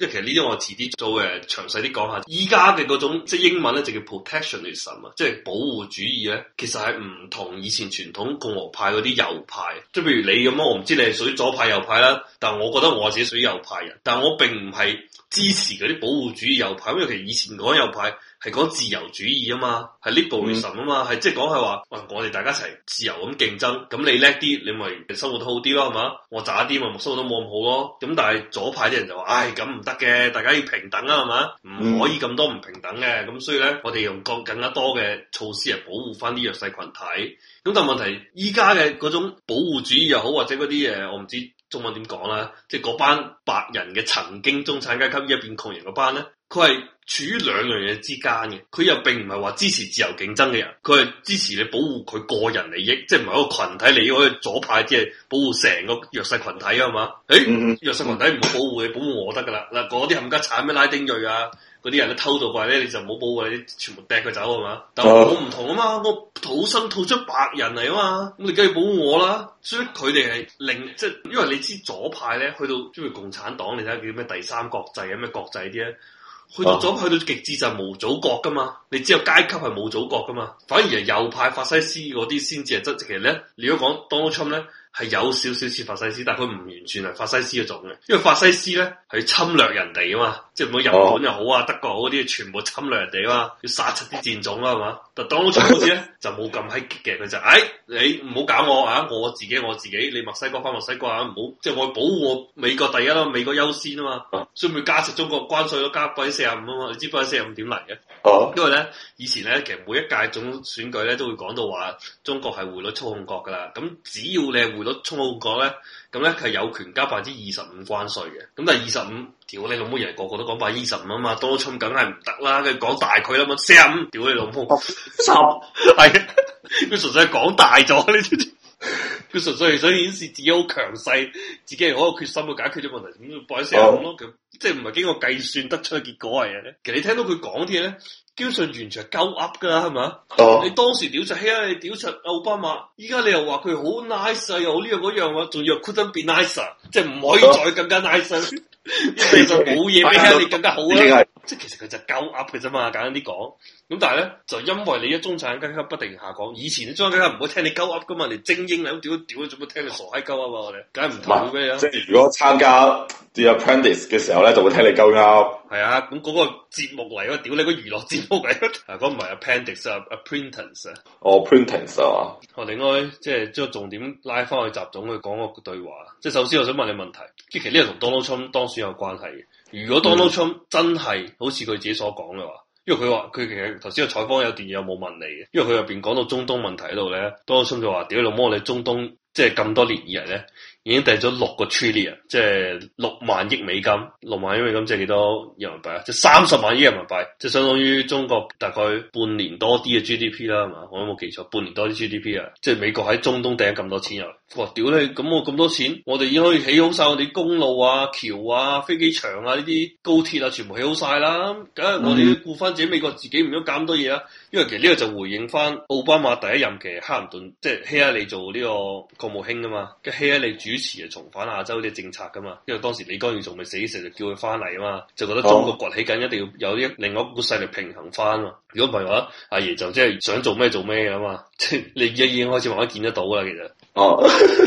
即係其實呢啲我遲啲做誒詳細啲講下，依家嘅嗰種即係英文咧就叫 protectionism 啊，即係保護主義咧，其實係唔同以前傳統共和派嗰啲右派，即係譬如你咁咯，我唔知你係屬於左派右派啦，但係我覺得我自己屬於右派人，但係我並唔係支持嗰啲保護主義右派，因為其實以前講右派。係講自由主義啊嘛，係呢個 liberalism 啊嘛，係、嗯、即係講係話，我哋大家一齊自由咁競爭，咁你叻啲，你咪生活得好啲咯，係嘛？我渣啲咪生活都冇咁好咯。咁但係左派啲人就話，唉、哎，咁唔得嘅，大家要平等啊，係嘛？唔可以咁多唔平等嘅。咁所以咧，我哋用更更加多嘅措施嚟保護翻啲弱勢群體。咁但係問題，依家嘅嗰種保護主義又好，或者嗰啲嘢，我唔知中文點講啦，即係嗰班白人嘅曾經中產階級一變窮人嗰班咧。佢係處於兩樣嘢之間嘅，佢又並唔係話支持自由競爭嘅人，佢係支持你保護佢個人利益，即係唔係一個群體利益？嗰個、左派即係保護成個弱勢群體啊嘛？誒，欸嗯、弱勢群體唔好保護，嗯、你保護我得噶啦嗱，嗰啲冚家鏟咩拉丁裔啊，嗰啲人都偷渡鬼咧，你就唔好保護，你全部掟佢走係嘛？但係我唔同啊嘛，我土生土出白人嚟啊嘛，咁你梗係保護我啦。所以佢哋係令，即係，因為你知左派咧，去到即係共產黨，你睇下叫咩第三國際啊，咩國際啲咧。去到左派，去到極致就係冇祖國㗎嘛。你只有階級係冇祖國㗎嘛。反而係右派法西斯嗰啲先至係真。其實咧，如果講當初咧係有少少似法西斯，但係佢唔完全係法西斯嗰種嘅，因為法西斯咧係侵略人哋啊嘛。即係冇日本又好啊，德國嗰啲全部侵略人哋啊嘛，要殺出啲戰種啦，係嘛？特朗普做嗰時咧就冇咁嘿激嘅，佢就誒、哎、你唔好搞我啊！我自己我自己，你墨西哥翻墨西哥啊！唔好即係我保護美國第一咯，美國優先啊嘛，所以咪加實中國關稅都加貴四廿五啊嘛，你知唔知四十五點嚟嘅？哦， 因為咧以前咧其實每一屆總選舉咧都會講到話中國係匯率操控國噶啦，咁只要你係匯率操控國咧。咁咧佢係有權交百分之二十五關稅嘅，咁但係二十五，屌你老母，人個個都講百二十五啊嘛，多充梗係唔得啦。佢講大佢啦嘛，四十五，屌你老母，十係啊，佢純粹係講大咗，你知佢純粹係想顯示自己好強勢，自己係好有個決心去解決咗問題，咁就報四十五咯。咁即係唔係經過計算得出嘅結果嚟嘅咧？其實你聽到佢講啲嘢咧。姜俊完全係鳩噏噶啦，係咪？Oh. 你當時屌柒希拉，屌柒奧巴馬，依家你又話佢好 nice 啊，又呢樣嗰樣啊，仲要 couldn't be nice 即係唔可以再更加 nice，其、oh. 就冇嘢比佢哋更加好啦。即係 其實佢就鳩噏嘅啫嘛，簡單啲講。咁但係咧，就因為你一中產階級不停下降，以前你中產階級唔會聽你鳩 up 噶嘛，你精英嚟，屌屌做乜聽你傻閪鳩啊？我哋梗係唔同嘅。是啊、即係如果參加啲 Apprentice 嘅時候咧，就會聽你鳩 up 係啊，咁嗰個節目嚟咯，屌你、那個娛樂節目嚟，嗱，嗰唔係 Apprentice，啊 Apprentice。哦，Apprentice 啊，我、啊 oh, uh huh. 另外即係將重點拉翻去習總去講個對話。即係首先我想問你問題，即其實呢個同 Donald Trump 當選有關係嘅。如果 Donald Trump 真係好似佢自己所講嘅話。嗯因為佢話，佢其實頭先個採訪有電影，有冇問你嘅？因為佢入邊講到中東問題嗰度咧，多數就話屌你老母，你中東。即係咁多年以嚟咧，已經掟咗六個 trillion，即係六萬億美金。六萬億美金即係幾多人民幣啊？即係三十萬億人民幣，即係相當於中國大概半年多啲嘅 GDP 啦，係嘛？我有冇記錯？半年多啲 GDP 啊！即係美國喺中東掟咁多錢入嚟，哇！屌你，咁我咁多錢，我哋已經可以起好晒我哋公路啊、橋啊、飛機場啊呢啲高鐵啊，全部起好晒啦！梗係我哋顧翻自己美國自己唔好搞咁多嘢啦、啊。因為其實呢個就回應翻奧巴馬第一任期嘅克林頓，即係希拉里做呢、這個。國務卿噶嘛，跟希拉里主持啊重返亞洲啲政策噶嘛，因為當時李光耀仲未死成，就叫佢翻嚟啊嘛，就覺得中國崛起緊，哦、一定要有啲另外一股勢力平衡翻咯。如果唔係嘅話，阿爺就即係想做咩做咩噶嘛，即 係你而家已經開始慢慢見得到啦，其實。哦，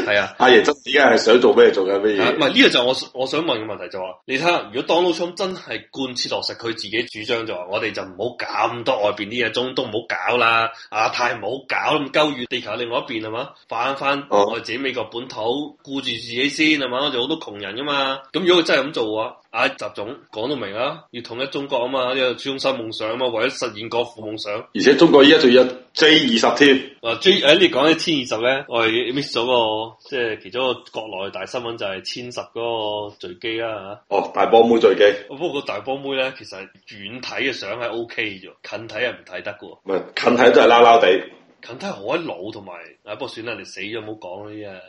係啊，阿爺真而家係想做咩做緊咩嘢？唔係呢個就我我想問嘅問題就話、是，你睇下如果 Donald Trump 真係貫徹落實佢自己主張就話，我哋就唔好搞咁多外邊啲嘢，中東唔好搞啦，亞、啊、太唔好搞咁鳩遠，地球另外一邊係嘛？翻返我哋自己美國本土顧住自己先係嘛？我哋好多窮人噶嘛，咁如果佢真係咁做嘅話啊，習總講到明啦，要統一中國啊嘛，又中心夢想啊嘛，為咗實現國父夢想。而且中國依家仲有 J 二十添。啊 J，誒、啊、你講起 J 二十咧，我係 miss 咗個即係其中一個國內大新聞就係千十嗰個墜機啦吓。哦，大波妹墜機、啊。不過個大波妹咧，其實遠睇嘅相係 OK 嘅，近睇係唔睇得嘅。唔係近睇都係撈撈地。佢真係好老，同埋啊，不過算啦，你死咗唔好講嗰啲啊。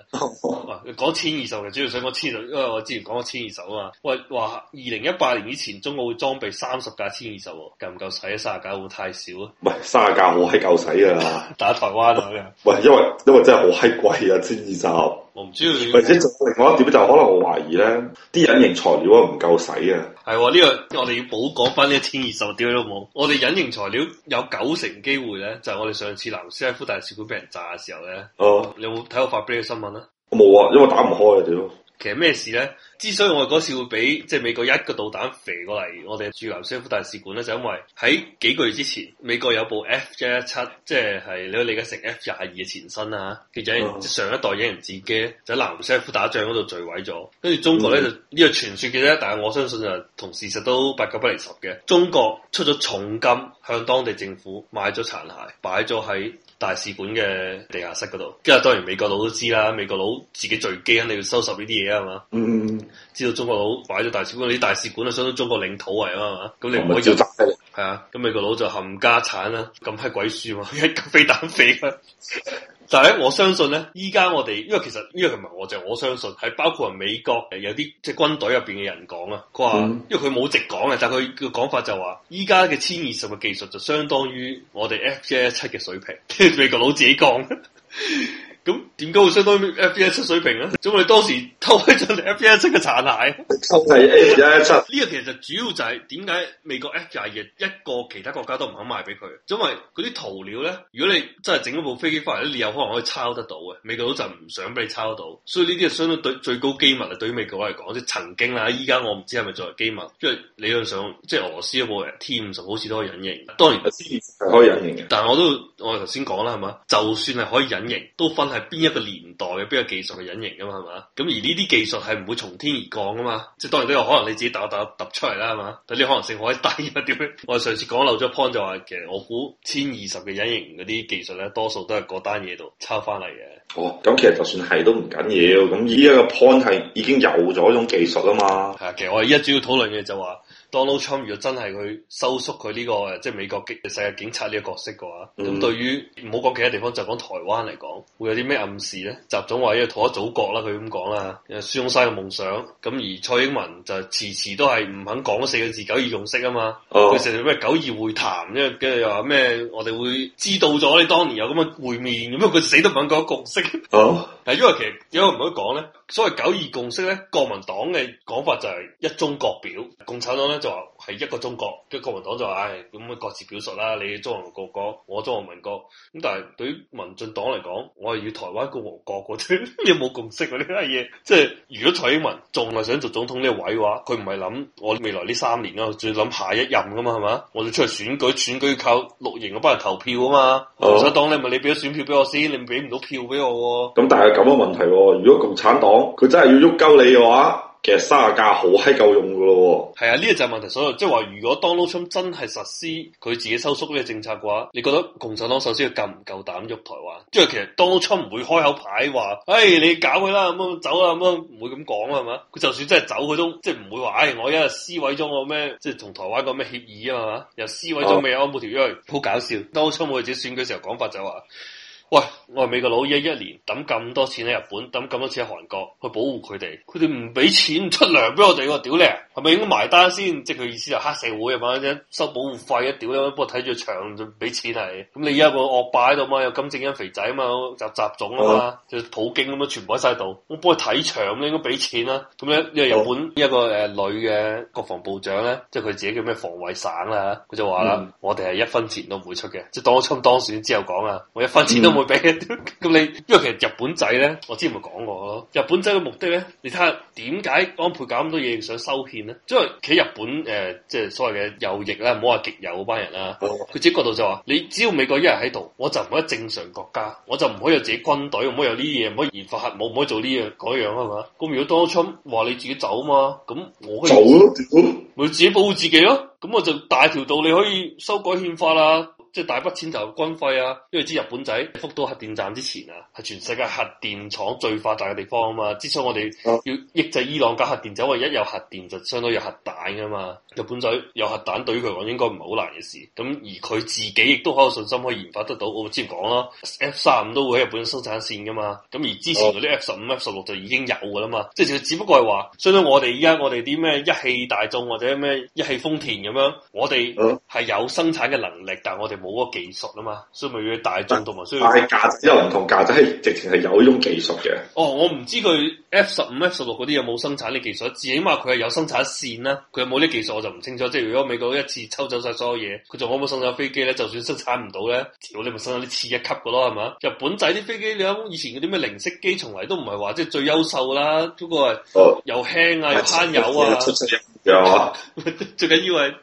講千二十嘅主要想講千二，因為我之前講過千二十啊嘛。喂，話二零一八年以前，中國會裝備三十架千二十喎，夠唔夠使啊？三十架會太少啊？唔係，三十架好閪夠使啊！打台灣啊！喂，因為因為真係好閪貴啊，千二十。我唔知道，或者做另外一點就可能我懷疑咧，啲隱形材料唔夠使啊！係呢個，我哋要補講翻呢一千二十點都冇。我哋隱形材料有九成機會咧，就係我哋上次南斯拉夫大使館俾人炸嘅時候咧。哦！你有冇睇我發俾你嘅新聞啊？我冇啊，因為打唔開啊，屌。其實咩事咧？之所以我哋嗰時會俾即係美國一個導彈飛過嚟，我哋駐南斯拉夫大使館咧，就是、因為喺幾個月之前，美國有部 F 一一七，即係你你理解成 F 廿二嘅前身啦，嘅、啊、隱、嗯、上一代隱形戰機就喺南斯拉夫打仗嗰度墜毀咗，跟住中國咧就呢、這個傳說嘅啫，但係我相信就同事實都八九不離十嘅。中國出咗重金向當地政府買咗殘骸，擺咗喺大使館嘅地下室嗰度。跟住當然美國佬都知啦，美國佬自己墜機肯定要收拾呢啲嘢。係嘛？嗯嗯知道中國佬擺咗大使館，啲大使館啊，相當中國領土嚟啊嘛。咁你唔可以執嘅，係啊。咁美國佬就冚家產啦，咁係鬼輸嘛，一飛彈飛。但係我相信咧，依家我哋，因為其實呢個唔係我，就我相信係包括埋美國有啲即係軍隊入邊嘅人講啊，佢話、嗯、因為佢冇直講啊，但係佢個講法就話，依家嘅千二十嘅技術就相當於我哋 FJ 17嘅水平。 美國佬自己講。 咁點解會相當於 F 17水平咧？因 為當時偷開咗 F 17嘅殘骸，呢 個其實主要就係點解美國 F 廿二一個其他國家都唔肯賣俾佢，因為嗰啲塗料咧，如果你真係整一部飛機翻嚟，你有可能可以抄得到嘅。美國佬就唔想俾你抄得到，所以呢啲係相當對最高機密啊。對於美國嚟講，即係曾經啦，依家我唔知係咪作為機密，即係理論上，即係俄羅斯嗰部 T 五十好似都可以隱形，當然係可以隱形嘅。但係我都我頭先講啦，係嘛？就算係可以隱形，都分係。邊一個年代嘅邊個技術嘅隱形噶嘛係嘛？咁而呢啲技術係唔會從天而降噶嘛？即係當然都有可能你自己打打揼出嚟啦係嘛？但係呢可能性可以低一啲？ 我上次講漏咗 point 就話，其實我估千二十嘅隱形嗰啲技術咧，多數都係嗰單嘢度抄翻嚟嘅。哦，咁其實就算係都唔緊要。咁依一個 point 係已經有咗一種技術啦嘛。係啊，其實我哋依家主要討論嘅就話、是。Donald Trump 如果真係佢收縮佢呢、這個即係美國嘅世界警察呢個角色嘅話，咁、嗯、對於唔好講其他地方，就講、是、台灣嚟講，會有啲咩暗示咧？習總話要同一祖國啦，佢咁講啦。孫中山嘅夢想，咁而蔡英文就遲遲都係唔肯講四個字九二共識啊嘛。佢成日咩九二會談，即係跟住又話咩？我哋會知道咗你當年有咁嘅會面，咁啊佢死都唔肯講共識。係、uh oh. 因為其實唔可以講咧？所謂九二共識咧，國民黨嘅講法就係一中各表，共產黨咧。就話係一個中國，跟國民黨就話唉咁啊，哎、各自表述啦。你中華國國，我中華民國。咁但係對於民進黨嚟講，我係要台灣共和國。我真有冇共識呢啲乜嘢。即係如果蔡英文仲係想做總統呢個位嘅話，佢唔係諗我未來呢三年啊，仲要諗下一任噶嘛係嘛？我哋出嚟選舉，選舉靠綠營嗰班人投票啊嘛。共產黨你咪、哦、你俾咗選票俾我先，你俾唔到票俾我、啊。咁但係咁嘅問題，如果共產黨佢真係要喐鳩你嘅話？其實卅架好閪夠用噶咯，係啊，呢個就係問題所在，即係話如果 Donald Trump 真係實施佢自己收縮呢啲政策嘅話，你覺得共產黨首先佢夠唔夠膽喐台灣？即係其實 Donald Trump 唔會開口牌話，誒、哎，你搞佢啦，咁樣走啦，咁樣唔會咁講啦，係嘛？佢就算真係走，佢都即係唔會話，誒、哎，我一日撕毀咗我咩，即係同台灣個咩協議啊嘛，又撕毀咗未有嗰、啊、條約，好搞笑。Donald Trump 當初我自己選舉時候講法就話。喂，我係美國佬一一年抌咁多錢喺日本，抌咁多錢喺韓國，去保護佢哋，佢哋唔俾錢出糧俾我哋喎，屌你，係咪應該埋單先？即係佢意思就黑社會啊嘛，收保護費一屌你，不過睇住場就俾錢係。咁你而家個惡霸喺度嘛，有金正恩肥仔啊嘛，習、習種啊嘛，就普京咁樣全部喺晒度，我幫佢睇場咧，應該俾錢啦。咁咧，呢個日本一個誒、呃、女嘅國防部長咧，即係佢自己叫咩防衛省啦，佢就話啦，嗯、我哋係一分錢都唔會出嘅，即係當初當選之後講啊，我一分錢都、嗯。會俾咁你，因為其實日本仔咧，我之前咪講過咯。日本仔嘅目的咧，你睇下點解安倍搞咁多嘢想修憲咧？因為喺日本誒、呃，即係所謂嘅右翼啦，唔好話極右嗰班人啦。佢自己角度就話，你只要美國一人喺度，我就唔可以正常國家，我就唔可以有自己軍隊，唔可以有呢啲嘢，唔可以研發核武，唔可以做呢樣嗰樣，係嘛？咁如果當初話你自己走嘛，咁我可以走咯，啊，咪自、啊、自己保護自己咯。咁我就大條道，你可以修改憲法啦。即係大筆錢就軍費啊，因為知日本仔福島核電站之前啊，係全世界核電廠最發達嘅地方啊嘛，之所以我哋要抑制伊朗搞核，核電，就話一有核電就相當於有核彈噶嘛。日本仔有核彈對於佢嚟講應該唔係好難嘅事，咁而佢自己亦都好有信心可以研發得到，我之前講啦，F 三五都會喺日本生產線噶嘛，咁而之前嗰啲 F 十五、15, F 十六就已經有噶啦嘛，即係只不過係話，相當我哋而家我哋啲咩一汽大眾或者咩一汽豐田咁樣，我哋係有生產嘅能力，但係我哋。冇個技術啊嘛，所以咪要大眾同埋需要。但係後架仔又唔同，架值係直情係有呢種技術嘅。哦，我唔知佢 F 十五、F 十六嗰啲有冇生產呢技術，最起碼佢係有生產線啦。佢有冇呢技術我就唔清楚。即係如果美國一次抽走晒所有嘢，佢仲可唔可以生產飛機咧？就算生產唔到咧，屌你咪生產啲次一級嘅咯，係嘛？日本仔啲飛機你諗以前嗰啲咩零式機，從來都唔係話即係最優秀啦，嗰個係又輕啊，哦、又慳油啊。有啊，Yeah. 最緊要係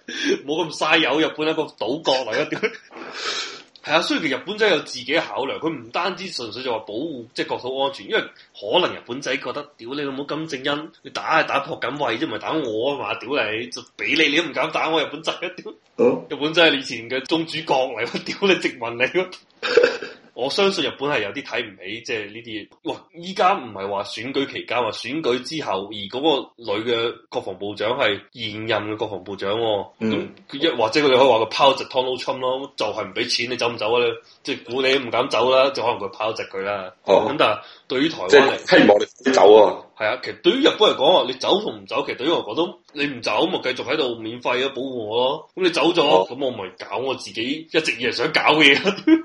冇咁嘥有日本一個島國嚟啊！屌，係啊，雖然日本仔有自己考量，佢唔單止純粹就話保護即係國土安全，因為可能日本仔覺得屌你老母金正恩，你打係打朴槿惠啫，唔係打我啊嘛！屌你，就俾你你都唔敢打我，日本仔啊屌！Uh? 日本仔係以前嘅宗主國嚟，我屌你殖民你。 我相信日本係有啲睇唔起，即係呢啲嘢。哇！依家唔係話選舉期間，話選舉之後，而嗰個女嘅國防部長係現任嘅國防部長。哦。嗯，或者佢哋可以話佢拋直 Donald Trump 咯，就係唔俾錢你走唔走咧，啊？即係估你唔，就是，敢走啦，啊，就可能佢拋直佢啦。咁，哦，但係對於台灣嚟，希望你走啊。係啊，其實對於日本嚟講啊，你走同唔走，其實對於我嚟講都，你唔走咪繼續喺度免費啊保護我咯。咁你走咗，咁，哦，我咪搞我自己一直以嚟想搞嘅嘢。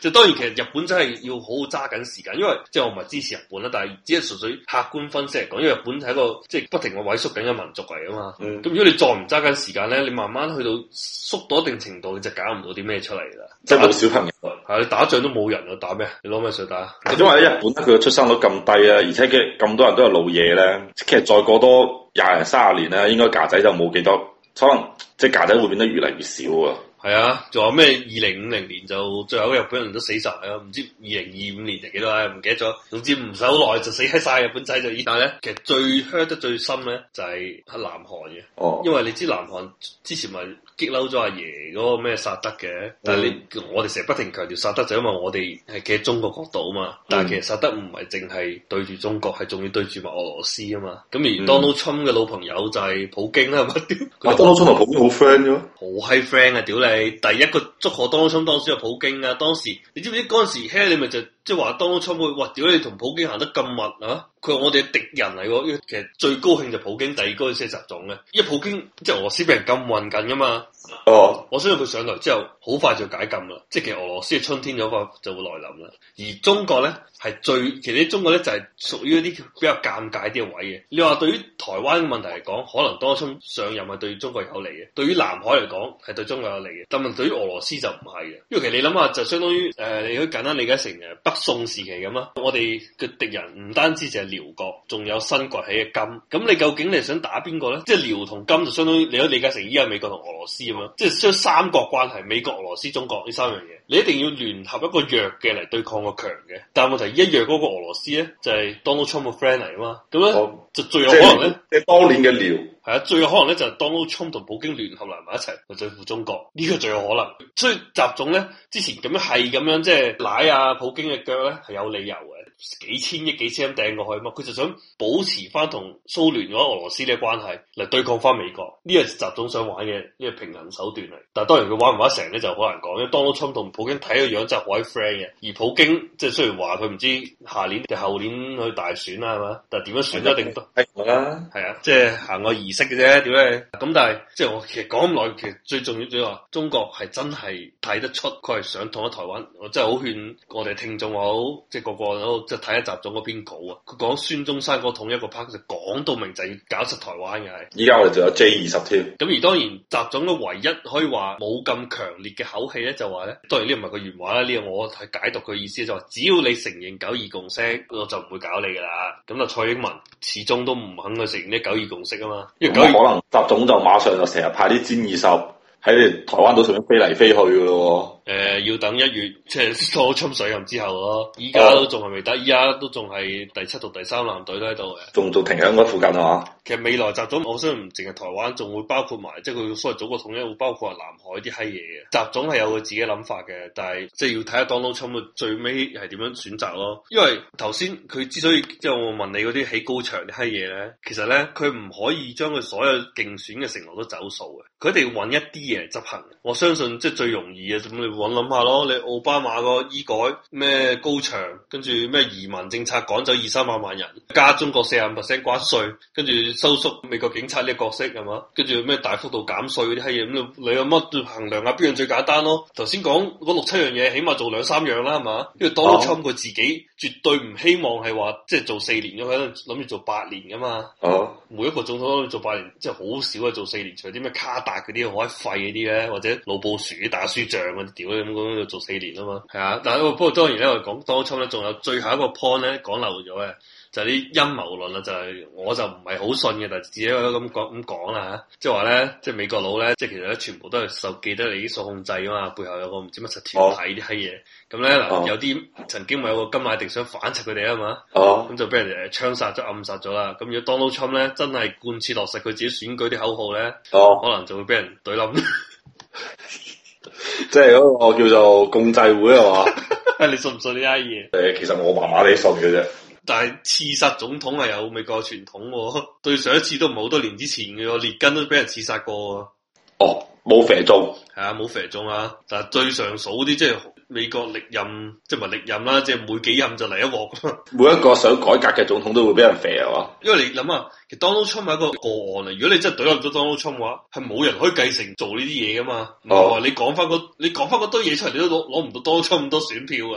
就當然其實日本真係要好好揸緊時間，因為即係我唔係支持日本啦，但係只係純粹客觀分析嚟講，因為日本係一個即係、就是、不停嘅萎縮緊嘅民族嚟啊嘛。咁、嗯、如果你再唔揸緊時間咧，你慢慢去到縮到一定程度，你就搞唔到啲咩出嚟啦。即係冇小朋友，係你打仗都冇人去打咩？你攞咩嘢打？因為喺日本佢嘅、嗯、出生率咁低啊，而且佢咁多人都係老嘢咧，其實再過多廿年三十年咧，應該仔仔就冇幾多，可能即係仔仔會變得越嚟越少喎。係啊，仲有咩二零五零年就最後日本人都死晒啊。唔知二零二五年定幾多啊，唔記得咗。總之唔使好耐就死喺晒日本仔就依啲，但咧其實最 hurt 得最深咧就係、是、喺南韓嘅，哦、因為你知南韓之前咪。激嬲咗阿爺嗰個咩薩德嘅，但係你、嗯、我哋成日不停強調薩德就是、因為我哋係企喺中國角度啊嘛，嗯、但係其實薩德唔係淨係對住中國，係仲要對住埋俄羅斯啊嘛，咁而 Donald Trump 嘅、嗯、老朋友就係普京啦，係咪佢話？Donald Trump 同普京好 friend 囉、啊，好閪 friend 啊屌你！第一個祝賀 Donald Trump 當選嘅係普京啊，當時你知唔知嗰陣時，嘿你咪就。即係話當初參會，哇！如果你同普京行得咁密啊！佢話我哋敵人嚟喎，其實最高興就普京第二高係些什總嘅，因為普京即係俄羅斯俾人禁運緊噶嘛。哦，我相信佢上台之後好快就解禁啦，即係其實俄羅斯嘅春天咗個就會來臨啦。而中國咧係最其實中國咧就係屬於一啲比較尷尬啲嘅位嘅。你話對於台灣嘅問題嚟講，可能當初上任係對中國有利嘅；對於南海嚟講係對中國有利嘅。但係對於俄羅斯就唔係嘅，因為其實你諗下就相當於誒、呃，你可以簡單理解成誒北。宋時期咁啊，我哋嘅敵人唔單止淨係遼國，仲有新崛起嘅金。咁你究竟你想打邊個咧？即係遼同金就相當於你都理解成依家美國同俄羅斯咁啊，即係相三國關係，美國、俄羅斯、中國呢三樣嘢，你一定要聯合一個弱嘅嚟對抗個強嘅。但係問題，一弱嗰個俄羅斯咧就係、是、Donald Trump 嘅 friend 嚟啊嘛，咁咧、哦、就最有可能咧。即係當年嘅遼。誒最有可能咧就係 Donald Trump 同普京聯合嚟埋一齊去對付中國呢、這個最有可能。所以習總咧之前咁樣係咁樣即係踩啊普京嘅腳咧係有理由嘅。幾千億、幾千蚊掟過去嘛，佢就想保持翻同蘇聯或者俄羅斯呢個關係嚟對抗翻美國，呢個係習總想玩嘅呢個平衡手段嚟。但係當然佢玩唔玩成咧就好難講，因為 Donald Trump 同普京睇個樣就好 friend 嘅。而普京即係雖然話佢唔知下年定後年去大選啦，係嘛？但係點樣選一定得係啦。係啊，即係行個儀式嘅啫，點咧？咁但係即係我其實講咁耐，其實最重要就係話中國係真係睇得出佢係想統一台灣，我真係好勸我哋聽眾好，即係個個都。就睇下習總嗰篇稿啊，佢講孫中山嗰統一個 part 就講到明，就要搞實台灣嘅係。依家我哋仲有 J 二十添，咁而當然習總都唯一可以話冇咁強烈嘅口氣咧，就話咧當然呢啲唔係佢原話啦，呢個我係解讀佢意思就話，只要你承認九二共識，我就唔會搞你噶啦。咁啊蔡英文始終都唔肯去承認呢九二共識啊嘛，因為咁可能習總就馬上就成日派啲戰二十喺台灣島上面飛嚟飛去噶咯喎。誒、呃、要等一月，即係初沖水任之後咯。依家都仲係未得，依家都仲係第七到第三艦隊都喺度，仲仲停喺嗰附近嚇。其實未來習總，我相信唔淨係台灣，仲會包括埋，即係佢所謂祖國統一會包括南海啲閪嘢嘅。習總係有佢自己諗法嘅，但係即係要睇阿 Donald Trump 最尾係點樣選擇咯。因為頭先佢之所以即係我問你嗰啲起高牆啲閪嘢咧，其實咧佢唔可以將佢所有競選嘅承諾都走數嘅，佢哋要揾一啲嘢執行。我相信即係最容易嘅。我諗下咯，你奧巴馬個醫改咩高牆，跟住咩移民政策趕走二三萬萬人，加中國四十 percent 關稅，跟住收縮美國警察呢個角色係嘛，跟住咩大幅度減稅嗰啲閪嘢，咁你有乜衡量啊？邊樣最簡單咯？頭先講嗰六七樣嘢，起碼做兩三樣啦，係嘛？因為 Donald Trump 佢自己絕對唔希望係話即係做四年喺度諗住做八年噶嘛。哦、啊，每一個總統都做八年，即係好少啊做四年，除啲咩卡達嗰啲好閪廢嗰啲咧，或者老布殊打輸仗嗰啲咁講要做四年啊嘛，係啊，但係不過當然咧，我講 Donald Trump 咧，仲有最後一個 point 咧，講漏咗嘅就係啲陰謀論啦，就係、是就是、我就唔係好信嘅，但係自己咁講咁講啦吓，即係話咧，即係美國佬咧，即係其實咧，全部都係受既得利益所控制啊嘛，背後有個唔知乜柒團體啲閪嘢，咁咧嗱，呢 oh. 有啲曾經咪有個金馬迪想反賊佢哋啊嘛，咁、oh. 就俾人哋槍殺咗暗殺咗啦，咁如果 Donald Trump 咧真係貫徹落實佢自己選舉啲口號咧，oh. 可能就會俾人懟冧。即係嗰個叫做共濟會係嘛？ 你信唔信呢啲嘢？誒，其實我麻麻哋信嘅啫。但係刺殺總統係有美國傳統，對上一次都唔係好多年之前嘅，列根都俾人刺殺過。哦，冇射中。係啊，冇射中啊，但係最上數啲即係。美國歷任，即係唔係歷任啦，即係每幾任就嚟一鑊每一個想改革嘅總統都會俾人肥啊！ 因為你諗下，其實 Donald Trump 係一個個案啊。如果你真係懟冧咗 Donald Trump 嘅話，係冇人可以繼承做呢啲嘢噶嘛。唔係，oh. 你講翻個，你講翻嗰堆嘢出嚟，你都攞攞唔到 Donald Trump 咁多選票。